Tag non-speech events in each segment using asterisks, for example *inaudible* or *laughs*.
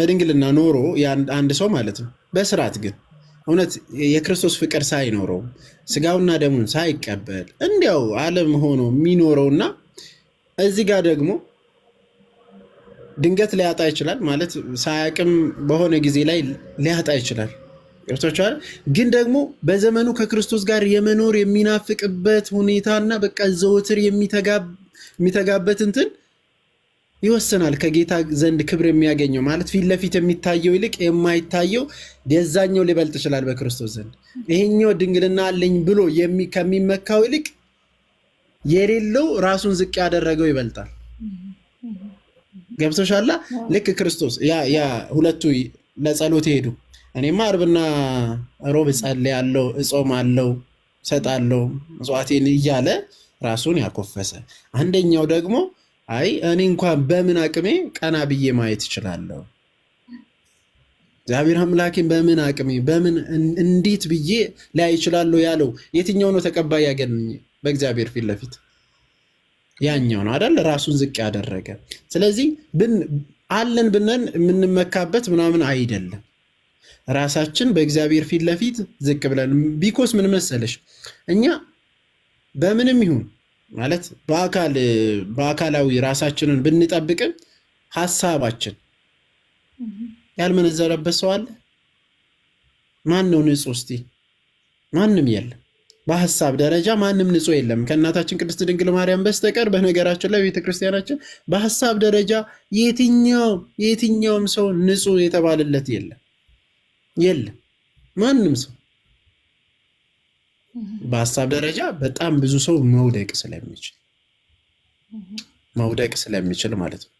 በድንግልና ኖሮ አንድ ሰው ማለት ነው። በስርዓት ግን እውነት የክርስቶስ ፍቅር ሳይኖረው ስጋውና ደሙን ሳይቀበል እንዲያው ዓለም ሆኖ የሚኖረውና እዚህ ጋር ደግሞ ድንገት ሊያጣ ይችላል ማለት ሳያቅም በሆነ ጊዜ ላይ ሊያጣ ይችላል። ገብቶችኋል። ግን ደግሞ በዘመኑ ከክርስቶስ ጋር የመኖር የሚናፍቅበት ሁኔታና በቃ ዘወትር የሚተጋበት እንትን ይወስናል ከጌታ ዘንድ ክብር የሚያገኘው ማለት ፊት ለፊት የሚታየው ይልቅ የማይታየው የዛኛው ሊበልጥ ይችላል በክርስቶስ ዘንድ። ይሄኛው ድንግልና አለኝ ብሎ ከሚመካው ይልቅ የሌለው ራሱን ዝቅ ያደረገው ይበልጣል። ገብቶሻላ? ልክ ክርስቶስ ያ ሁለቱ ለጸሎት ይሄዱ። እኔማ አርብና ሮብ እጾም አለው፣ ሰጣለው መጽዋቴን እያለ ራሱን ያኮፈሰ አንደኛው ደግሞ አይ እኔ እንኳን በምን አቅሜ ቀና ብዬ ማየት እችላለሁ? እግዚአብሔር አምላኬን በምን አቅሜ በምን እንዴት ብዬ ላይ እችላለሁ ያለው የትኛው ነው ተቀባይ ያገኝ? በእግዚአብሔር ፊት ለፊት ያኛው ነው አይደል? ራሱን ዝቅ ያደረገ። ስለዚህ አለን ብነን የምንመካበት ምናምን አይደለም። ራሳችን በእግዚአብሔር ፊት ለፊት ዝቅ ብለን ቢኮስ ምን መሰለሽ እኛ በምንም ይሁን ማለት በአካል በአካላዊ ራሳችንን ብንጠብቅም ሀሳባችን ያልመነዘረበት ሰው አለ? ማን ነው ንጹህ? እስቲ ማንም የለም። በሀሳብ ደረጃ ማንም ንጹህ የለም ከእናታችን ቅድስት ድንግል ማርያም በስተቀር። በነገራችን ላይ ቤተክርስቲያናችን በሀሳብ ደረጃ የትኛውም የትኛውም ሰው ንጹህ የተባለለት የለም የለም ማንም ሰው በሀሳብ ደረጃ በጣም ብዙ ሰው መውደቅ ስለሚችል መውደቅ ስለሚችል ማለት ነው።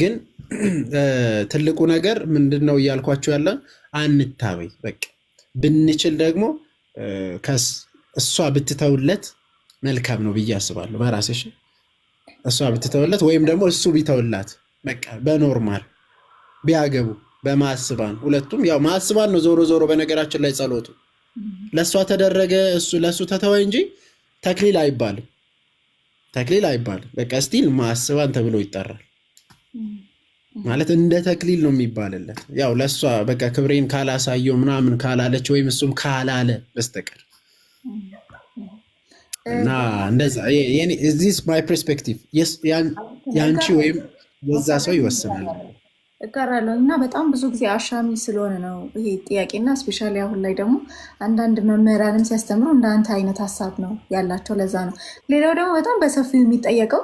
ግን *clears throat* ትልቁ ነገር ምንድን ነው እያልኳቸው ያለ አንታበይ። በቃ ብንችል ደግሞ እሷ ብትተውለት መልካም ነው ብዬ አስባለሁ በራሴሽ። እሷ ብትተውለት ወይም ደግሞ እሱ ቢተውላት በቃ በኖርማል ቢያገቡ በማስባን ሁለቱም ያው ማስባን ነው ዞሮ ዞሮ በነገራችን ላይ ጸሎቱ ለእሷ ተደረገ ለእሱ ተተወ እንጂ ተክሊል አይባልም። ተክሊል አይባልም። በቃ ስቲል ማስባን ተብሎ ይጠራል ማለት እንደ ተክሊል ነው የሚባልለት። ያው ለእሷ በቃ ክብሬን ካላሳየው ምናምን ካላለች ወይም እሱም ካላለ በስተቀር እና እንደዛ ዚስ ማይ ፐርስፔክቲቭ ያንቺ ወይም የዛ ሰው ይወስናል። እጋራለሁ እና በጣም ብዙ ጊዜ አሻሚ ስለሆነ ነው ይሄ ጥያቄና ስፔሻሊ አሁን ላይ ደግሞ አንዳንድ መምህራንም ሲያስተምሩ እንደ አንተ አይነት ሀሳብ ነው ያላቸው። ለዛ ነው። ሌላው ደግሞ በጣም በሰፊው የሚጠየቀው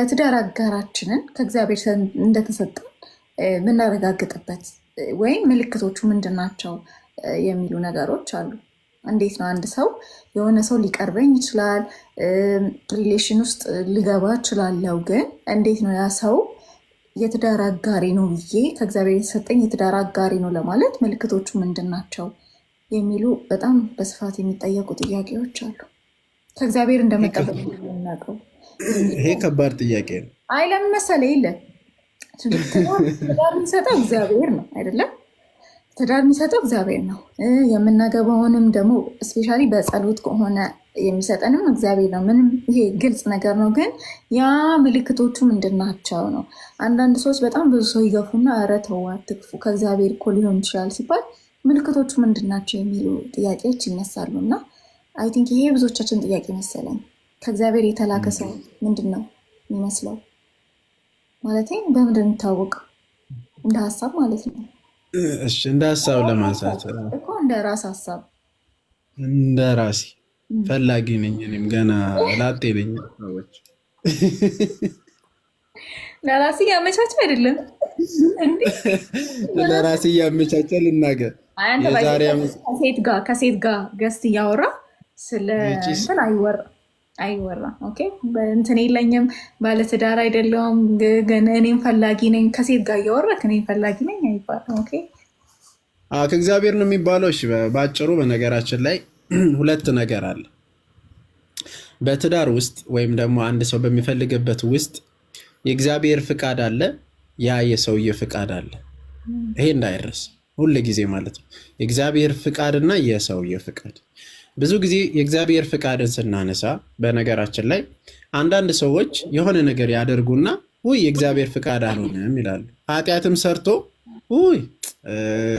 የትዳር አጋራችንን ከእግዚአብሔር እንደተሰጠን የምናረጋግጥበት ወይም ምልክቶቹ ምንድን ናቸው የሚሉ ነገሮች አሉ። እንዴት ነው አንድ ሰው የሆነ ሰው ሊቀርበኝ ይችላል፣ ሪሌሽን ውስጥ ልገባ እችላለሁ፣ ግን እንዴት ነው ያ ሰው የትዳር አጋሪ ነው ብዬ ከእግዚአብሔር የተሰጠኝ የትዳር አጋሪ ነው ለማለት ምልክቶቹ ምንድን ናቸው የሚሉ በጣም በስፋት የሚጠየቁ ጥያቄዎች አሉ። ከእግዚአብሔር እንደመጠበቅ የምናውቀው ይሄ ከባድ ጥያቄ ነው። አይ ለምን መሰለህ የለ ትዳር የሚሰጠው እግዚአብሔር ነው አይደለም ትዳር የሚሰጠው እግዚአብሔር ነው። የምናገባውንም ደግሞ እስፔሻሊ በጸሎት ከሆነ የሚሰጠንም እግዚአብሔር ነው። ምንም ይሄ ግልጽ ነገር ነው። ግን ያ ምልክቶቹ ምንድናቸው ነው? አንዳንድ ሰዎች በጣም ብዙ ሰው ይገፉና ኧረ ተው አትግፉ ከእግዚአብሔር እኮ ሊሆን ይችላል ሲባል ምልክቶቹ ምንድናቸው የሚሉ ጥያቄዎች ይነሳሉ። እና አይ ቲንክ ይሄ ብዙዎቻችን ጥያቄ መሰለኝ። ከእግዚአብሔር የተላከ ሰው ምንድን ነው የሚመስለው ማለት በምንድን ታወቅ እንደ ሀሳብ ማለት ነው እሺ እንደ ሀሳብ ለማንሳት እኮ እንደ ራስ ሀሳብ እንደ ራሴ ፈላጊ ነኝ። እኔም ገና ላጤ ነኝ። ሰዎች ለራሴ ያመቻቸው አይደለም እንዴ? ለራሴ ያመቻቸው ልናገር ከሴት ጋር ገስት እያወራ ስለ እንትን አይወራ አይወራ እንትን የለኝም፣ ባለትዳር አይደለውም፣ ግን እኔም ፈላጊ ነኝ። ከሴት ጋር እያወራ እኔም ፈላጊ ነኝ አይባልም። ከእግዚአብሔር ነው የሚባለው። እሺ በአጭሩ በነገራችን ላይ *clears throat* ሁለት ነገር አለ። በትዳር ውስጥ ወይም ደግሞ አንድ ሰው በሚፈልግበት ውስጥ የእግዚአብሔር ፍቃድ አለ፣ ያ የሰውዬ ፍቃድ አለ። ይሄ እንዳይረስ ሁል ጊዜ ማለት ነው። የእግዚአብሔር ፍቃድና የሰውዬ ፍቃድ። ብዙ ጊዜ የእግዚአብሔር ፍቃድን ስናነሳ በነገራችን ላይ አንዳንድ ሰዎች የሆነ ነገር ያደርጉና ውይ የእግዚአብሔር ፍቃድ አልሆነም ይላሉ። ኃጢአትም ሰርቶ ውይ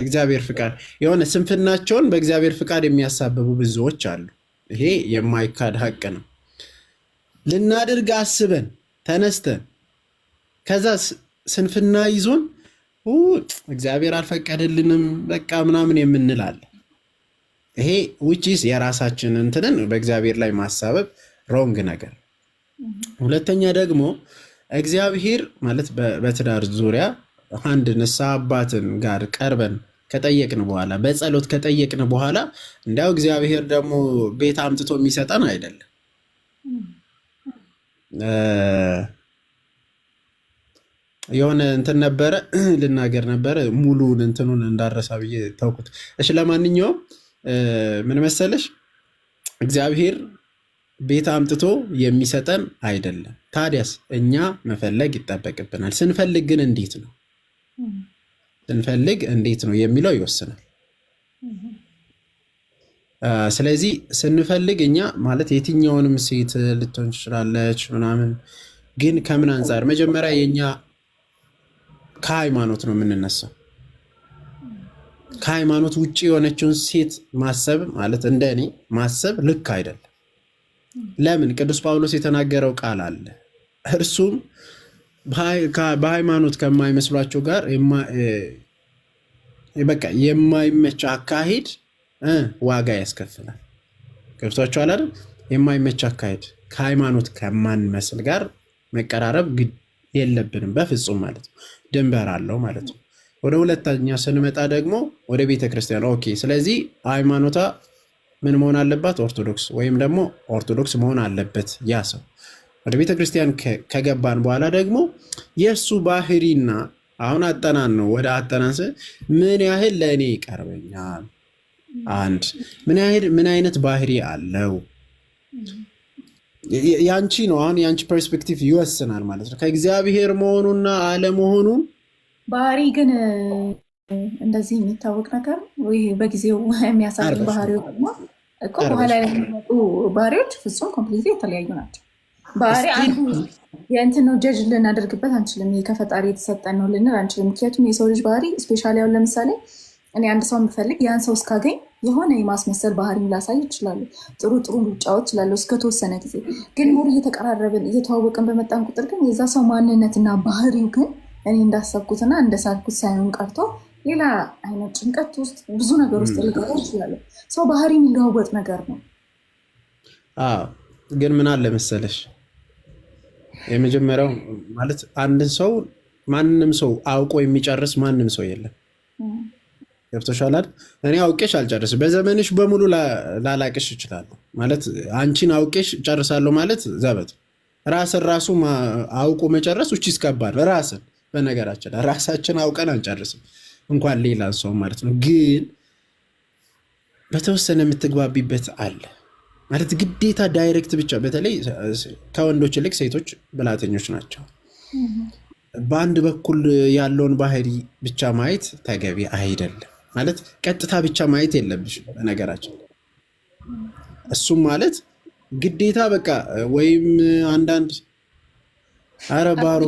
እግዚአብሔር ፍቃድ የሆነ ስንፍናቸውን በእግዚአብሔር ፍቃድ የሚያሳብቡ ብዙዎች አሉ። ይሄ የማይካድ ሀቅ ነው። ልናድርግ አስበን ተነስተን ከዛ ስንፍና ይዞን እግዚአብሔር አልፈቀደልንም በቃ ምናምን የምንላለ ይሄ ውጪስ የራሳችን እንትንን በእግዚአብሔር ላይ ማሳበብ ሮንግ ነገር። ሁለተኛ ደግሞ እግዚአብሔር ማለት በትዳር ዙሪያ አንድ ንስሐ አባትን ጋር ቀርበን ከጠየቅን በኋላ በጸሎት ከጠየቅን በኋላ እንዲያው እግዚአብሔር ደግሞ ቤት አምጥቶ የሚሰጠን አይደለም። የሆነ እንትን ነበረ ልናገር ነበረ ሙሉን እንትኑን እንዳረሳ ብዬ ተውኩት። እሺ፣ ለማንኛውም ምን መሰለሽ እግዚአብሔር ቤት አምጥቶ የሚሰጠን አይደለም። ታዲያስ እኛ መፈለግ ይጠበቅብናል። ስንፈልግ ግን እንዴት ነው? ስንፈልግ እንዴት ነው የሚለው ይወስናል። ስለዚህ ስንፈልግ እኛ ማለት የትኛውንም ሴት ልትሆን ትችላለች ምናምን፣ ግን ከምን አንጻር መጀመሪያ የኛ ከሃይማኖት ነው የምንነሳው። ከሃይማኖት ውጭ የሆነችውን ሴት ማሰብ ማለት እንደ እኔ ማሰብ ልክ አይደለም። ለምን? ቅዱስ ጳውሎስ የተናገረው ቃል አለ እርሱም በሃይማኖት ከማይመስሏቸው ጋር በቃ የማይመች አካሄድ ዋጋ ያስከፍላል። ገብቷችኋል አይደል? የማይመች አካሄድ ከሃይማኖት ከማንመስል ጋር መቀራረብ ግድ የለብንም በፍጹም ማለት ነው። ድንበር አለው ማለት ነው። ወደ ሁለተኛ ስንመጣ ደግሞ ወደ ቤተ ክርስቲያን ኦኬ። ስለዚህ ሃይማኖታ ምን መሆን አለባት? ኦርቶዶክስ ወይም ደግሞ ኦርቶዶክስ መሆን አለበት ያ ሰው ወደ ቤተ ክርስቲያን ከገባን በኋላ ደግሞ የእሱ ባህሪና አሁን አጠናን ነው ወደ አጠናን ምን ያህል ለእኔ ይቀርበኛል፣ አንድ ምን ያህል ምን አይነት ባህሪ አለው ያንቺ ነው አሁን ያንቺ ፐርስፔክቲቭ ይወስናል ማለት ነው ከእግዚአብሔር መሆኑና አለመሆኑን። ባህሪ ግን እንደዚህ የሚታወቅ ነገር ወይ በጊዜው የሚያሳይ ባህሪዎች ደግሞ እኮ በኋላ የሚመጡ ባህሪዎች ፍጹም ኮምፕሊት የተለያዩ ናቸው። ባህሪ አንዱ የእንትን ነው ጀጅ ልናደርግበት አንችልም። ይሄ ከፈጣሪ የተሰጠን ነው ልንል አንችልም። ምክንያቱም የሰው ልጅ ባህሪ ስፔሻሊ ያሁን ለምሳሌ እኔ አንድ ሰው የምፈልግ ያን ሰው እስካገኝ የሆነ የማስመሰል ባህሪ ላሳይ ይችላሉ። ጥሩ ጥሩ ሩጫዎች ይችላለሁ እስከተወሰነ ጊዜ ግን ሙር እየተቀራረብን እየተዋወቅን በመጣን ቁጥር ግን የዛ ሰው ማንነትና ባህሪው ግን እኔ እንዳሰብኩትና እንደሳልኩት ሳይሆን ቀርቶ ሌላ አይነት ጭንቀት ውስጥ ብዙ ነገር ውስጥ ሊገባ ይችላሉ። ሰው ባህሪ የሚለዋወጥ ነገር ነው። ግን ምን አለ መሰለሽ የመጀመሪያው ማለት አንድን ሰው ማንም ሰው አውቆ የሚጨርስ ማንም ሰው የለም። ገብቶሻል እኔ አውቄሽ አልጨርስም። በዘመንሽ በሙሉ ላላቅሽ እችላለሁ። ማለት አንቺን አውቄሽ ጨርሳለሁ ማለት ዘበት። ራስን ራሱ አውቆ መጨረስ ውጪ ይስከባል። ራስን በነገራችን ራሳችን አውቀን አንጨርስም፣ እንኳን ሌላ ሰው ማለት ነው። ግን በተወሰነ የምትግባቢበት አለ ማለት ግዴታ ዳይሬክት ብቻ በተለይ ከወንዶች ይልቅ ሴቶች ብላተኞች ናቸው። በአንድ በኩል ያለውን ባህሪ ብቻ ማየት ተገቢ አይደለም። ማለት ቀጥታ ብቻ ማየት የለብሽም። በነገራችን እሱም ማለት ግዴታ በቃ ወይም አንዳንድ ኧረ ባሮ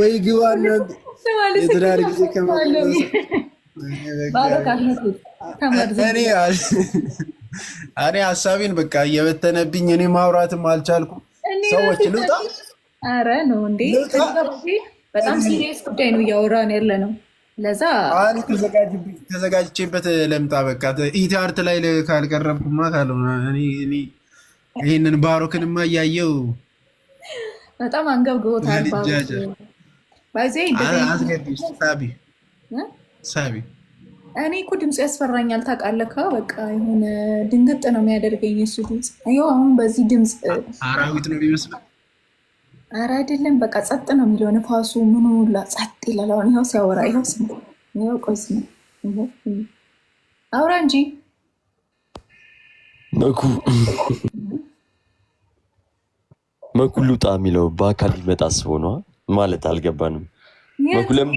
ወይ ግባና የትዳር ጊዜ ከማ እኔ ሀሳቢን በቃ እየበተነብኝ እኔ ማውራትም አልቻልኩም። ሰዎች ልውጣ፣ አረ ነው እንዴ! በጣም ሲሪየስ ጉዳይ ነው እያወራን ያለ ነው። ለዛ ተዘጋጅቼበት ለምጣ። በቃ ኢቲ አርት ላይ ካልቀረብኩማ ካለ ይህንን ባሮክንማ እያየው በጣም አንገብግቦታል። ባዜ ሳቢ ሳቢ እኔ እኮ ድምፅ ያስፈራኛል ታውቃለህ። በቃ የሆነ ድንግጥ ነው የሚያደርገኝ እሱ ድምፅ። ይኸው አሁን በዚህ ድምፅ አራዊት ነው የሚመስለው። ኧረ አይደለም፣ በቃ ጸጥ ነው የሚለው ንፋሱ ምኑ ሁላ ጸጥ ይላል። አሁን ይኸው ሲያወራ ይኸው ስ ይኸው ቆይ አውራ እንጂ መኩ መኩ ልውጣ የሚለው በአካል ሊመጣ አስበው ነዋ ማለት አልገባንም። መኩ ለምን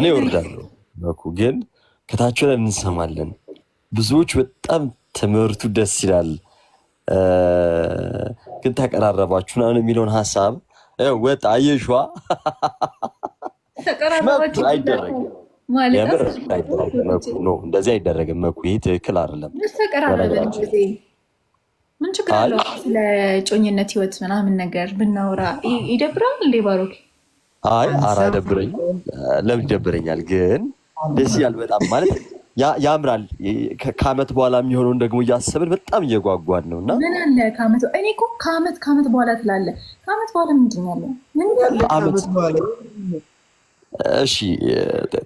እኔ እወርዳለሁ በኩ ግን ከታች ላይ እንሰማለን። ብዙዎች በጣም ትምህርቱ ደስ ይላል፣ ግን ተቀራረባችሁ ምናምን የሚለውን ሀሳብ ወጥ አየሿ አይደረግም። እንደዚህ አይደረግም። መኩ ይህ ትክክል አይደለም። ምን ችግር አለው? ስለ ጮኝነት ህይወት ምናምን ነገር ብናወራ ይደብራል እንዴ? ባሮክ አይ፣ አራ ደብረኝ ለምን ይደብረኛል ግን ደስ ይላል በጣም ማለት ያምራል። ከአመት በኋላ የሚሆነውን ደግሞ እያሰብን በጣም እየጓጓን ነው እና ምን አለ ከአመት እኔ እኮ ከአመት ከአመት በኋላ ትላለ ከአመት በኋላ ምንድን ነው ያለው? እሺ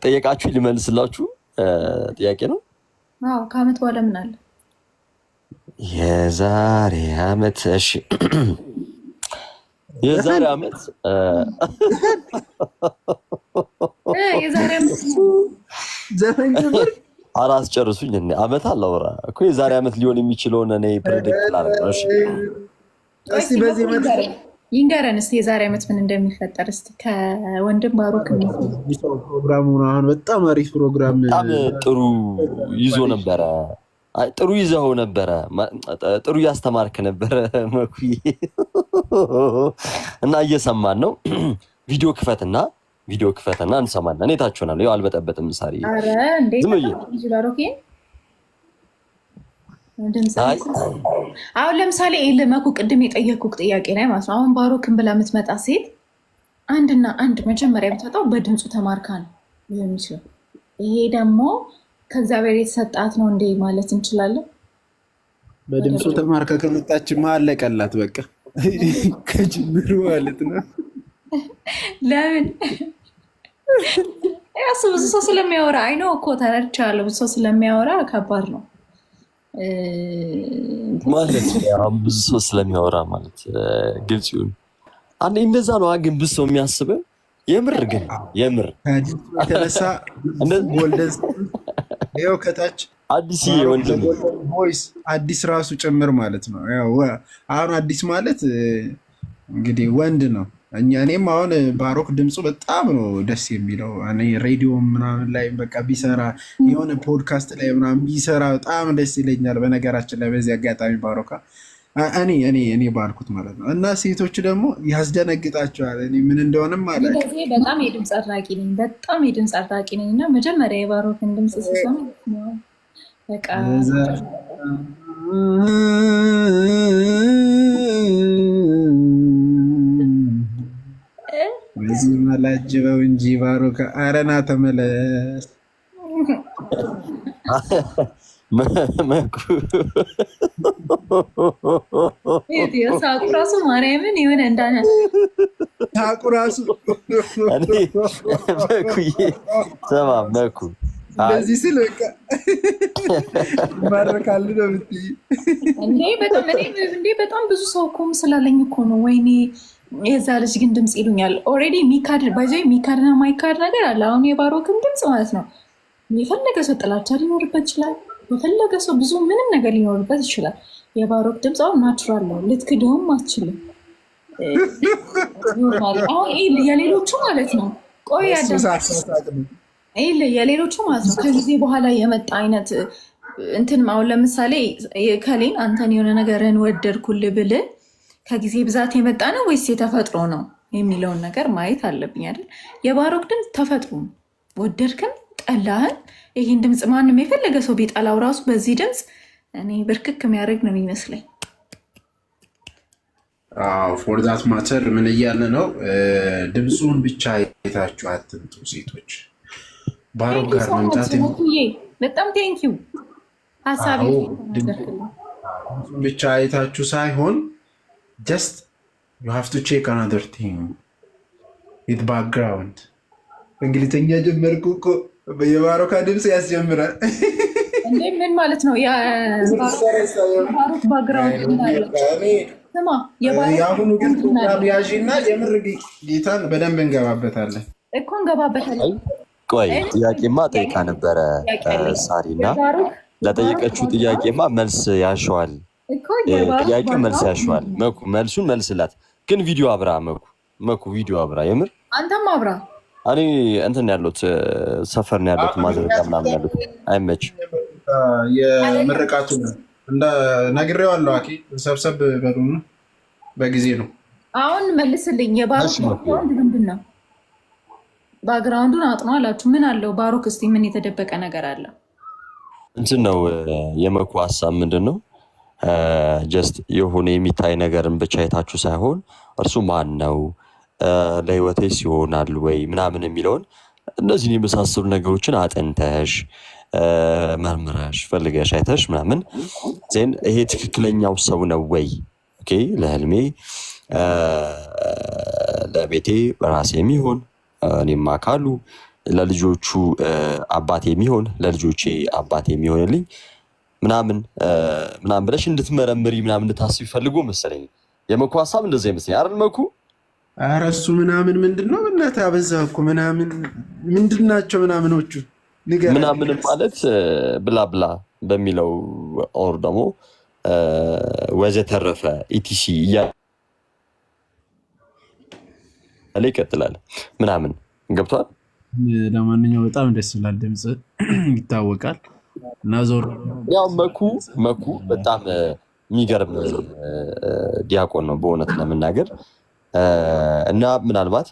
ጠየቃችሁ ልመልስላችሁ። ጥያቄ ነው። ከአመት በኋላ ምን አለ? የዛሬ አመት እሺ *clears throat* የዛሬ አመት አራስ ጨርሱኝ እ አመት አላወራ እኮ የዛሬ አመት ሊሆን የሚችለውን እኔ ፕሬዲክት ላረሽ ይንገረን እስኪ የዛሬ አመት ምን እንደሚፈጠር እስኪ ከወንድም ባሮክ ፕሮግራሙ አሁን በጣም አሪፍ ፕሮግራም በጣም ጥሩ ይዞ ነበረ ጥሩ ይዘው ነበረ። ጥሩ እያስተማርክ ነበረ መኩ እና እየሰማን ነው። *clears throat* ቪዲዮ ክፈትና ቪዲዮ ክፈተና እንሰማለን። እኔ ታች ሆናለሁ። ያው አልበጠበጥም። ምሳሌ አሁን ለምሳሌ ይህ ልመኩ ቅድም የጠየኩህ ጥያቄ ላይ ማለት ነው። አሁን ባሮክን ብላ የምትመጣ ሴት አንድና አንድ መጀመሪያ የምትመጣው በድምፁ ተማርካ ነው ሊሆን ይችላል። ይሄ ደግሞ ከእግዚአብሔር የተሰጣት ነው እንዴ ማለት እንችላለን። በድምፁ ተማርካ ከመጣች አለቀላት በቃ *laughs* ከጅምሩ ማለት ነው። ለምን ያሱ ብዙ ሰው ስለሚያወራ አይኖ እኮ ተረድቻለሁ። ብዙ ሰው ስለሚያወራ ከባድ ነው ማለት ብዙ ሰው ስለሚያወራ ማለት ግልጽ ይሁን አንዴ እንደዛ ነው። ግን ብዙ ሰው የሚያስበ የምር ግን የምር ተነሳ ይኸው ከታች አዲስ ወንድም ቮይስ አዲስ ራሱ ጭምር ማለት ነው። አሁን አዲስ ማለት እንግዲህ ወንድ ነው እኔም አሁን ባሮክ ድምፁ በጣም ነው ደስ የሚለው። ሬዲዮ ምናምን ላይ በቃ ቢሰራ የሆነ ፖድካስት ላይ ምናምን ቢሰራ በጣም ደስ ይለኛል። በነገራችን ላይ በዚህ አጋጣሚ ባሮካ እኔ እኔ እኔ ባልኩት ማለት ነው እና ሴቶቹ ደግሞ ያስደነግጣቸዋል። እኔ ምን እንደሆነም አለ በጣም የድምፅ አድራቂ ነኝ፣ በጣም የድምፅ አድራቂ ነኝ እና መጀመሪያ የባሮክን ድምፅ ሲሰማ በቃ በዚህ መላጅበው እንጂ ባሮከ አረና ተመለስ ሳቁ ራሱ ማርያምን እንዳነ ሳቁ ራሱ ሰማ መኩ በዚህ ስል በቃ ነው የምትይኝ። እንዴ በጣም ብዙ ሰው እኮ ምስላለኝ እኮ ነው። ወይኔ የዛ ልጅ ግን ድምፅ ይሉኛል። ኦልሬዲ የሚካድ ባይዘ የሚካድና ማይካድ ነገር አለ። አሁን የባሮክን ድምፅ ማለት ነው የፈለገ ሰው ጥላቻ ሊኖርበት ይችላል። የፈለገ ሰው ብዙ ምንም ነገር ሊኖርበት ይችላል። የባሮክ ድምፅ አሁን ናቹራል ነው፣ ልትክደውም አትችልም። አሁን የሌሎቹ ማለት ነው ቆይ የሌሎቹ ማለት ነው ከጊዜ በኋላ የመጣ አይነት እንትን አሁን ለምሳሌ ከሌን አንተን የሆነ ነገርን ወደድኩል ብልን ከጊዜ ብዛት የመጣ ነው ወይስ የተፈጥሮ ነው የሚለውን ነገር ማየት አለብኝ አይደል? የባሮክ ድምፅ ተፈጥሮ ወደድክም ጠላህን፣ ይህን ድምፅ ማንም የፈለገ ሰው ቢጠላው ራሱ በዚህ ድምፅ እኔ ብርክክ የሚያደርግ ነው የሚመስለኝ። ፎር ዛት ማተር ምን እያለ ነው? ድምፁን ብቻ የታችሁ አትምጡ ሴቶች። ባሮክ ጋር መምጣት በጣም ቴንኪው ሀሳብ ብቻ የታችሁ ሳይሆን just you have to check another thing with background እንግሊዝኛ ጀመርኩ እኮ የባሮካ ድምፅ ያስጀምራል እንዴ ምን ማለት ነው የአሁኑ ግን ቢያዥ እና የምር ጌታን በደንብ እንገባበታለን እኮ እንገባበታለን ቆይ ጥያቄማ ጠይቃ ነበረ ሳሪ እና ለጠየቀችው ጥያቄማ መልስ ያሸዋል ጥያቄ መልስ ያሸዋል። መኩ መልሱን መልስላት። ግን ቪዲዮ አብራ መኩ መኩ ቪዲዮ አብራ የምር አንተም አብራ። እኔ እንትን ያሉት ሰፈር ነው ያሉት ማድረጋ ምናምን ያሉት አይመችም። የምርቃቱ እንደ ነግሬው ነግሬዋለሁ። አኬ ሰብሰብ በሉ በጊዜ ነው። አሁን መልስልኝ። የባሮክ ባክግራውንድ ምንድን ነው? ባክግራውንዱን አጥኖ አላችሁ። ምን አለው ባሮክ? እስቲ ምን የተደበቀ ነገር አለ? እንትን ነው የመኩ ሀሳብ ምንድን ነው? ጀስት የሆነ የሚታይ ነገርን ብቻ አይታችሁ ሳይሆን እርሱ ማን ነው፣ ለህይወቴ ሲሆናል ወይ ምናምን የሚለውን እነዚህን የመሳሰሉ ነገሮችን አጥንተሽ መርምረሽ ፈልገሽ አይተሽ ምናምን ዜን ይሄ ትክክለኛው ሰው ነው ወይ ለህልሜ ለቤቴ ራሴ የሚሆን እኔም አካሉ ለልጆቹ አባት የሚሆን ለልጆቼ አባት የሚሆንልኝ ምናምን ምናምን ብለሽ እንድትመረምሪ ምናምን እንድታስብ ይፈልጉ መሰለኝ። የመኩ ሀሳብ እንደዛ ይመስለኝ አይደል መኩ? ኧረ እሱ ምናምን ምንድን ነው በእናትህ አበዛህ እኮ ምናምን ምንድን ናቸው ምናምኖቹ ምናምን ማለት ብላ ብላ በሚለው ኦር ደግሞ ወዘተረፈ ኢቲሲ እያለ ይቀጥላል ምናምን ገብቷል። ለማንኛው በጣም ደስ ይላል፣ ድምፅ *clears throat* ይታወቃል። ናዞር ያው መኩ መኩ በጣም የሚገርም ዲያቆን ነው በእውነት ለመናገር እና ምናልባት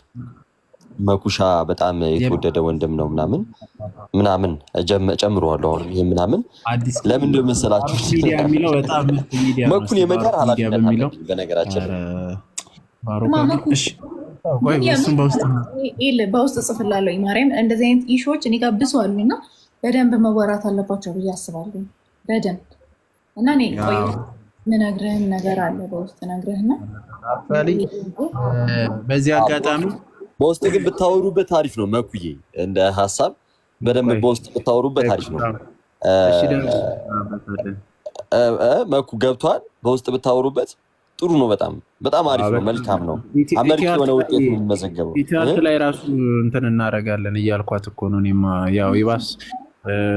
መኩሻ በጣም የተወደደ ወንድም ነው ምናምን ምናምን ጨምረዋለሁ። አሁን ይህ ምናምን ለምን መሰላችሁ መኩን የመዳር ኃላፊነት በነገራችን በውስጥ ጽፍላለሁ። ማርያም እንደዚህ አይነት ኢሾዎች እኔ ጋር ብሷሉ እና በደንብ መወራት አለባቸው ብዬ አስባለሁ። በደንብ እና እኔ ምነግርህን ነገር አለ በውስጥ ነግርህና በዚህ አጋጣሚ በውስጥ ግን ብታወሩበት አሪፍ ነው። መኩዬ እንደ ሀሳብ በደንብ በውስጥ ብታወሩበት አሪፍ ነው። መኩ ገብቷል። በውስጥ ብታወሩበት ጥሩ ነው። በጣም በጣም አሪፍ ነው። መልካም ነው። አመርቂ የሆነ ውጤት ነው የሚመዘገበው። ኢቲአርት ላይ ራሱ እንትን እናደርጋለን እያልኳት እኮ ነው እኔማ ያው ይባስ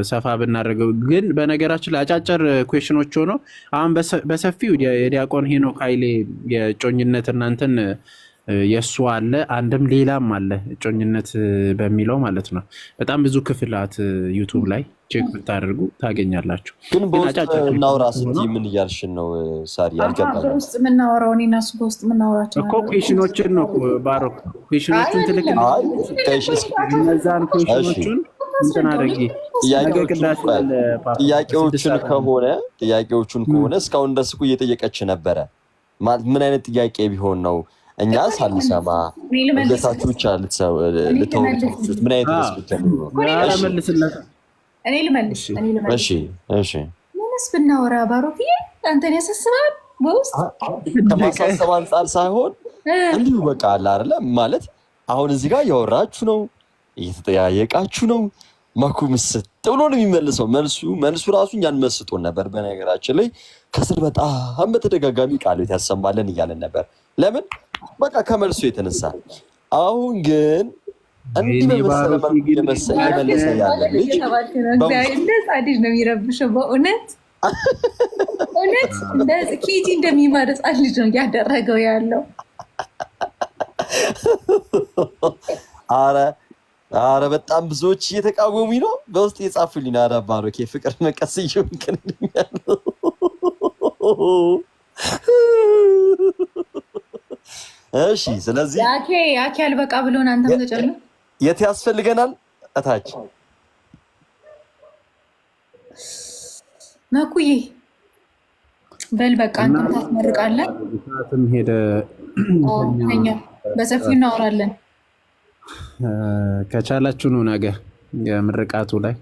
ሰፋ ብናደርገው ግን በነገራችን ላይ አጫጭር ኩዌሽኖች ሆኖ አሁን በሰፊው የዲያቆን ሄኖክ ኃይሌ የጮኝነት እናንተን የእሱ አለ አንድም ሌላም አለ ጮኝነት በሚለው ማለት ነው። በጣም ብዙ ክፍላት ዩቱብ ላይ ቼክ ብታደርጉ ታገኛላችሁ። ግን በውስጥ እናውራ ምን እያልሽን ነው? ሳሪ አልገባኝም። በውስጥ የምናወራው እኔና በውስጥ የምናወራቸው እኮ ኩዌሽኖችን ነው። ባሮክ ኩዌሽኖችን ትልቅ እነዛን ኩዌሽኖችን እንትን አድርጊ ጥያቄዎችን ከሆነ ጥያቄዎቹን ከሆነ እስካሁን ደስኩ እየጠየቀች ነበረ። ምን አይነት ጥያቄ ቢሆን ነው እኛ ሳልሰማ ልደታችሁ ብቻ ልተውት ምን አይነት እኔ ልመልስ ምንስ ብናወራ ባሮክዬ አንተን ያሳስባል። በውስጥ ከማሳሰብ አንጻር ሳይሆን እንዲሁ በቃ አለ አይደለም ማለት አሁን እዚህ ጋር እያወራችሁ ነው፣ እየተጠያየቃችሁ ነው ማኩ ምስት ብሎ ነው የሚመልሰው። መልሱ መልሱ ራሱ እኛን መስጦን ነበር። በነገራችን ላይ ከስር በጣም በተደጋጋሚ ቃሎት ያሰማለን እያለን ነበር። ለምን በቃ ከመልሱ የተነሳ አሁን ግን እንዲህ ያለው አረ አረ በጣም ብዙዎች እየተቃወሙኝ ነው። በውስጥ የጻፉልኝ አዳባሮ ፍቅር መቀስ እየሆንክን እሺ። ስለዚህ ያኬ ያኬ አልበቃ ብሎን አንተም ተጨለ የት ያስፈልገናል? እታች መኩዬ በል በቃ አንተም ታስመርቃለን። ሄደ በሰፊው እናወራለን። ከቻላችሁ ነው ነገ የምርቃቱ ላይ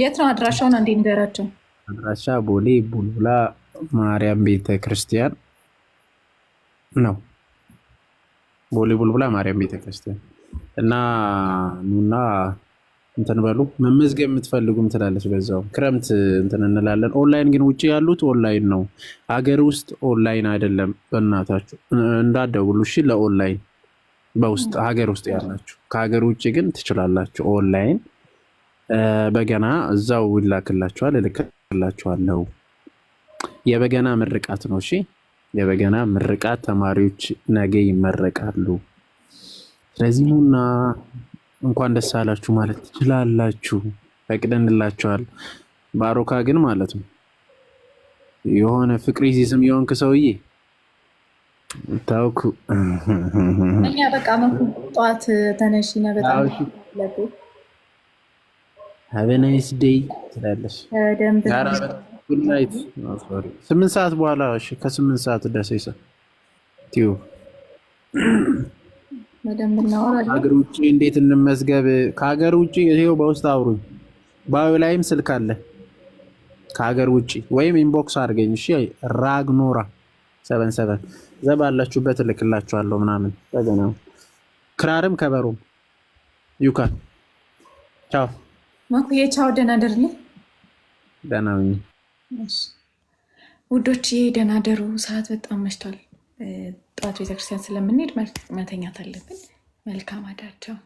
የት ነው አድራሻውን አንዴ ንገራቸው። አድራሻ ቦሌ ቡልቡላ ማርያም ቤተ ክርስቲያን ነው። ቦሌ ቡልቡላ ማርያም ቤተ ክርስቲያን እና ኑና እንትን በሉ። መመዝገብ የምትፈልጉም ትላለች። በዛው ክረምት እንትን እንላለን። ኦንላይን ግን ውጭ ያሉት ኦንላይን ነው፣ አገር ውስጥ ኦንላይን አይደለም። በእናታችሁ እንዳደውሉ እሺ፣ ለኦንላይን በውስጥ ሀገር ውስጥ ያላችሁ፣ ከሀገር ውጭ ግን ትችላላችሁ። ኦንላይን በገና እዛው ይላክላችኋል፣ እልክላችኋለሁ። የበገና ምርቃት ነው። እሺ፣ የበገና ምርቃት ተማሪዎች ነገ ይመረቃሉ። ስለዚህ ኑና እንኳን ደስ አላችሁ ማለት ትችላላችሁ። ፈቅደንላችኋል። ባሮካ ግን ማለት ነው የሆነ ፍቅሪ ሲስም የሆንክ ሰውዬ ታውኩ እኛ በቃ ጠዋት ተነሽ ነ በጣም ሀበናይስ ደይ ትላለች። oh, ስምንት ሰዓት በኋላ ከስምንት ሰዓት ዳሰሳ ቲዩብ ሀገር ውጭ እንዴት እንመዝገብ? ከሀገር ውጭ ይሄው በውስጥ አውሩኝ። ባዩ ላይም ስልክ አለ። ከሀገር ውጭ ወይም ኢንቦክስ አድርገኝ። እሺ ራግኖራ ሰበን ሰበን ዘባ እልክላችኋለሁ ምናምን በገና ክራርም ከበሩም ዩካን ቻው ማኩዬ ቻው። ደህና ደርልኝ። ደህና ውዶች፣ ደህና ደሩ። ሰዓት በጣም መሽቷል። ጠዋት ቤተክርስቲያን ስለምንሄድ መተኛት አለብን። መልካም አዳር። ቻው